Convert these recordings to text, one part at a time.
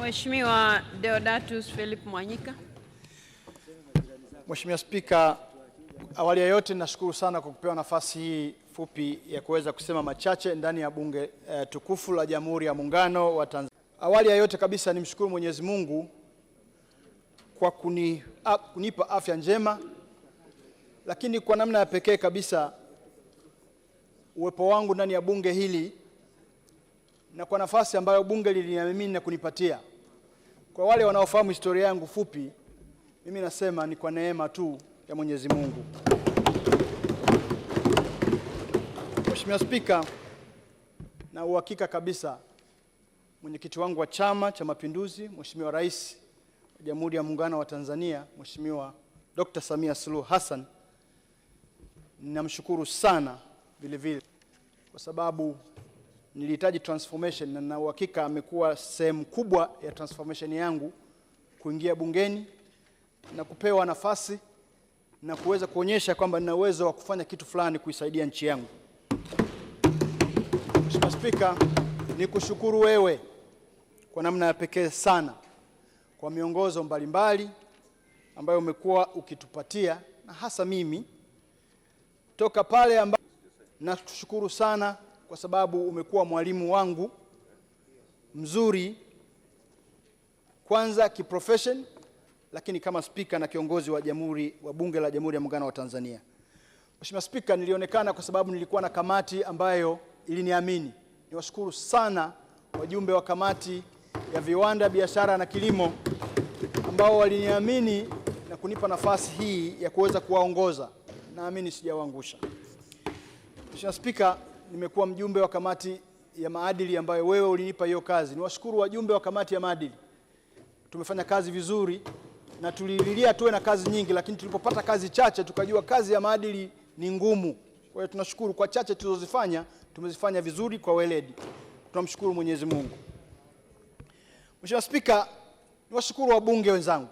Mheshimiwa Deodatus Philip Mwanyika. Mheshimiwa Spika, awali ya yote nashukuru sana kwa kupewa nafasi hii fupi ya kuweza kusema machache ndani ya bunge eh, tukufu la Jamhuri ya Muungano wa Tanzania. Awali ya yote kabisa nimshukuru Mwenyezi Mungu kwa kuni, a, kunipa afya njema, lakini kwa namna ya pekee kabisa uwepo wangu ndani ya bunge hili na kwa nafasi ambayo bunge liliniamini na kunipatia. Kwa wale wanaofahamu historia yangu fupi, mimi nasema ni kwa neema tu ya Mwenyezi Mungu. Mheshimiwa Spika, na uhakika kabisa mwenyekiti wangu wa Chama cha Mapinduzi, Mheshimiwa Rais wa Jamhuri ya Muungano wa Tanzania, Mheshimiwa Dr. Samia Suluhu Hassan, ninamshukuru sana vilevile kwa sababu nilihitaji transformation na uhakika amekuwa sehemu kubwa ya transformation yangu kuingia bungeni na kupewa nafasi na kuweza kuonyesha kwamba nina uwezo wa kufanya kitu fulani kuisaidia nchi yangu. Mheshimiwa Spika, nikushukuru wewe kwa namna ya pekee sana kwa miongozo mbalimbali ambayo umekuwa ukitupatia na hasa mimi toka pale ambapo, na tushukuru sana kwa sababu umekuwa mwalimu wangu mzuri, kwanza kiprofession, lakini kama spika na kiongozi wa jamhuri wa bunge la Jamhuri ya Muungano wa Tanzania. Mheshimiwa Spika, nilionekana kwa sababu nilikuwa na kamati ambayo iliniamini. Niwashukuru sana wajumbe wa kamati ya viwanda, biashara na kilimo ambao waliniamini na kunipa nafasi hii ya kuweza kuwaongoza. Naamini sijawaangusha. Mheshimiwa Spika, nimekuwa mjumbe wa kamati ya maadili ambayo wewe ulinipa hiyo kazi. Niwashukuru wajumbe wa kamati ya maadili, tumefanya kazi vizuri na tulililia tuwe na kazi nyingi, lakini tulipopata kazi chache tukajua kazi ya maadili ni ngumu. Kwa hiyo tunashukuru kwa chache tulizozifanya, tumezifanya vizuri kwa weledi, tunamshukuru Mwenyezi Mungu. Mheshimiwa Spika, niwashukuru wabunge wenzangu,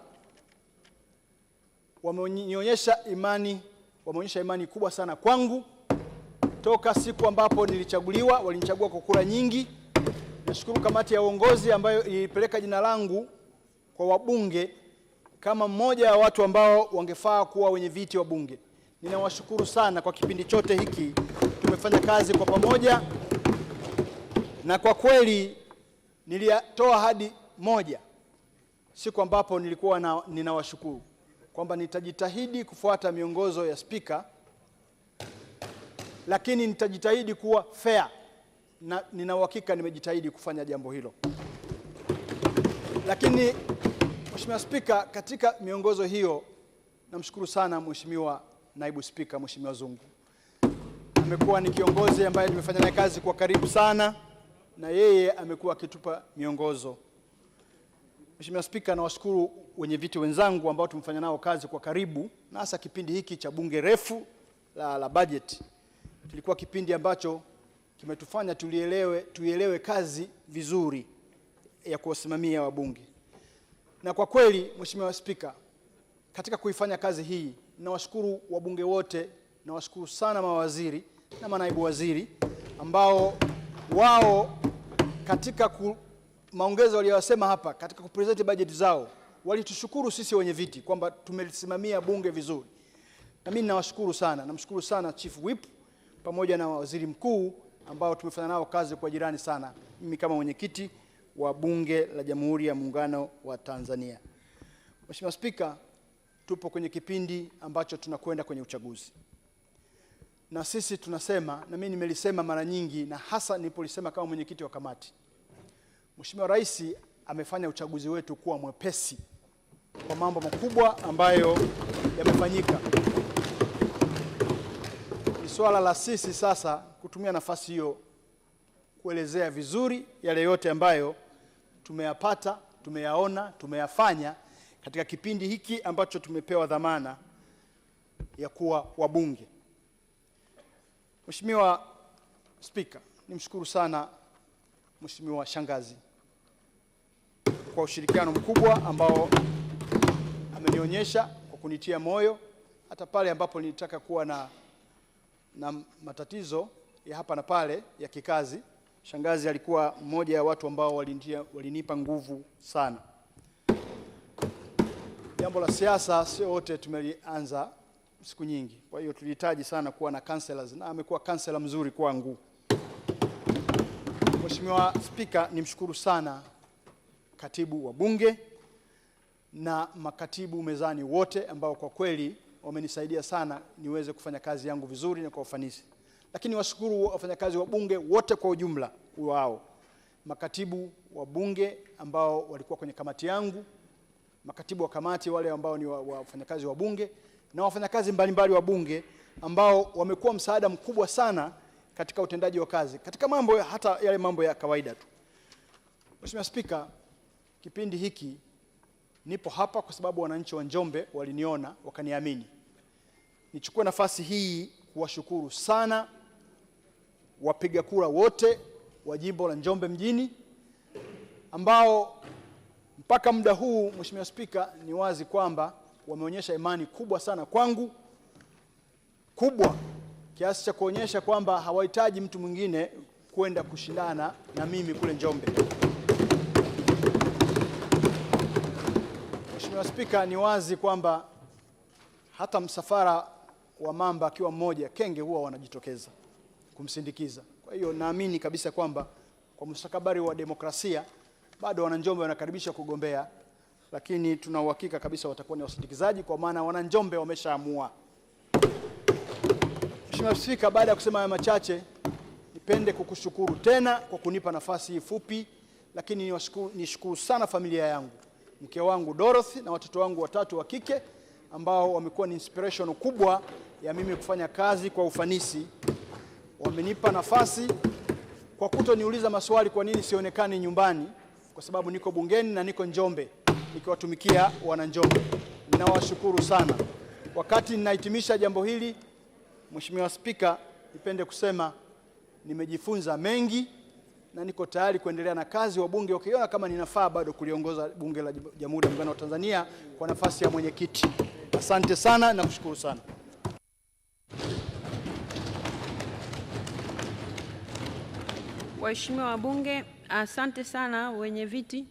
wameonyesha imani, wameonyesha imani kubwa sana kwangu toka siku ambapo nilichaguliwa, walinichagua kwa kura nyingi. Nashukuru kamati ya uongozi ambayo ilipeleka jina langu kwa wabunge kama mmoja wa watu ambao wangefaa kuwa wenye viti wa bunge. Ninawashukuru sana kwa kipindi chote hiki, tumefanya kazi kwa pamoja, na kwa kweli nilitoa ahadi moja siku ambapo nilikuwa na, ninawashukuru kwamba nitajitahidi kufuata miongozo ya Spika lakini nitajitahidi kuwa fair na nina uhakika nimejitahidi kufanya jambo hilo. Lakini Mheshimiwa Spika, katika miongozo hiyo namshukuru sana Mheshimiwa Naibu Spika, Mheshimiwa Zungu amekuwa ni kiongozi ambaye nimefanya naye kazi kwa karibu sana, na yeye amekuwa akitupa miongozo. Mheshimiwa Spika, nawashukuru wenye viti wenzangu ambao tumefanya nao kazi kwa karibu, na hasa kipindi hiki cha bunge refu la, la bajeti kilikuwa kipindi ambacho kimetufanya tuielewe tuielewe kazi vizuri ya kuwasimamia wabunge. Na kwa kweli, Mheshimiwa Spika, katika kuifanya kazi hii nawashukuru wabunge wote, nawashukuru sana mawaziri na manaibu waziri ambao wao katika ku, maongezo waliyosema hapa katika kupresent bajeti zao walitushukuru sisi wenye viti kwamba tumelisimamia bunge vizuri, na mimi nawashukuru sana, namshukuru sana Chief Whip pamoja na waziri mkuu ambao tumefanya nao kazi kwa jirani sana, mimi kama mwenyekiti wa Bunge la Jamhuri ya Muungano wa Tanzania. Mheshimiwa Spika, tupo kwenye kipindi ambacho tunakwenda kwenye uchaguzi, na sisi tunasema, na mimi nimelisema mara nyingi, na hasa nilipolisema kama mwenyekiti wa kamati, Mheshimiwa Rais amefanya uchaguzi wetu kuwa mwepesi kwa mambo makubwa ambayo yamefanyika swala la sisi sasa kutumia nafasi hiyo kuelezea vizuri yale yote ambayo tumeyapata, tumeyaona, tumeyafanya katika kipindi hiki ambacho tumepewa dhamana ya kuwa wabunge. Mheshimiwa Spika, nimshukuru sana Mheshimiwa Shangazi kwa ushirikiano mkubwa ambao amenionyesha kwa kunitia moyo hata pale ambapo nilitaka kuwa na na matatizo ya hapa na pale ya kikazi. Shangazi alikuwa mmoja ya watu ambao walintia, walinipa nguvu sana. Jambo la siasa sio wote tumelianza siku nyingi, kwa hiyo tulihitaji sana kuwa na counselors na amekuwa counselor mzuri kwangu. Mheshimiwa Spika, nimshukuru sana katibu wa Bunge na makatibu mezani wote ambao kwa kweli wamenisaidia sana niweze kufanya kazi yangu vizuri na kwa ufanisi. Lakini washukuru wafanyakazi wa bunge wote kwa ujumla wao, makatibu wa bunge ambao walikuwa kwenye kamati yangu, makatibu wa kamati wale ambao ni wafanyakazi wa bunge na wafanyakazi mbalimbali wa bunge ambao wamekuwa msaada mkubwa sana katika utendaji wa kazi katika mambo hata yale mambo ya kawaida tu. Mheshimiwa Spika, kipindi hiki nipo hapa kwa sababu wananchi wa Njombe waliniona wakaniamini nichukue nafasi hii kuwashukuru sana wapiga kura wote wa jimbo la Njombe mjini ambao mpaka muda huu, Mheshimiwa Spika, ni wazi kwamba wameonyesha imani kubwa sana kwangu, kubwa kiasi cha kuonyesha kwamba hawahitaji mtu mwingine kwenda kushindana na mimi kule Njombe. Mheshimiwa Spika, ni wazi kwamba hata msafara wa mamba akiwa mmoja, kenge huwa wanajitokeza kumsindikiza. Kwa hiyo naamini kabisa kwamba kwa mustakabali wa demokrasia bado wananjombe wanakaribisha kugombea, lakini tuna uhakika kabisa watakuwa ni wasindikizaji, kwa maana wananjombe wameshaamua. Mheshimiwa Spika, baada ya kusema haya machache, nipende kukushukuru tena kwa kunipa nafasi hii fupi, lakini nishukuru sana familia yangu, mke wangu Dorothy na watoto wangu watatu wa kike ambao wamekuwa ni inspiration kubwa ya mimi kufanya kazi kwa ufanisi. Wamenipa nafasi kwa kutoniuliza maswali kwa nini sionekani nyumbani, kwa sababu niko bungeni na niko Njombe nikiwatumikia wananjombe. Ninawashukuru sana. Wakati ninahitimisha jambo hili, Mheshimiwa Spika, nipende kusema nimejifunza mengi na niko tayari kuendelea na kazi wa bunge wakiona kama ninafaa bado kuliongoza bunge la Jamhuri ya Muungano wa Tanzania kwa nafasi ya mwenyekiti. Asante sana na kushukuru sana. Waheshimiwa wabunge, asante sana wenye viti.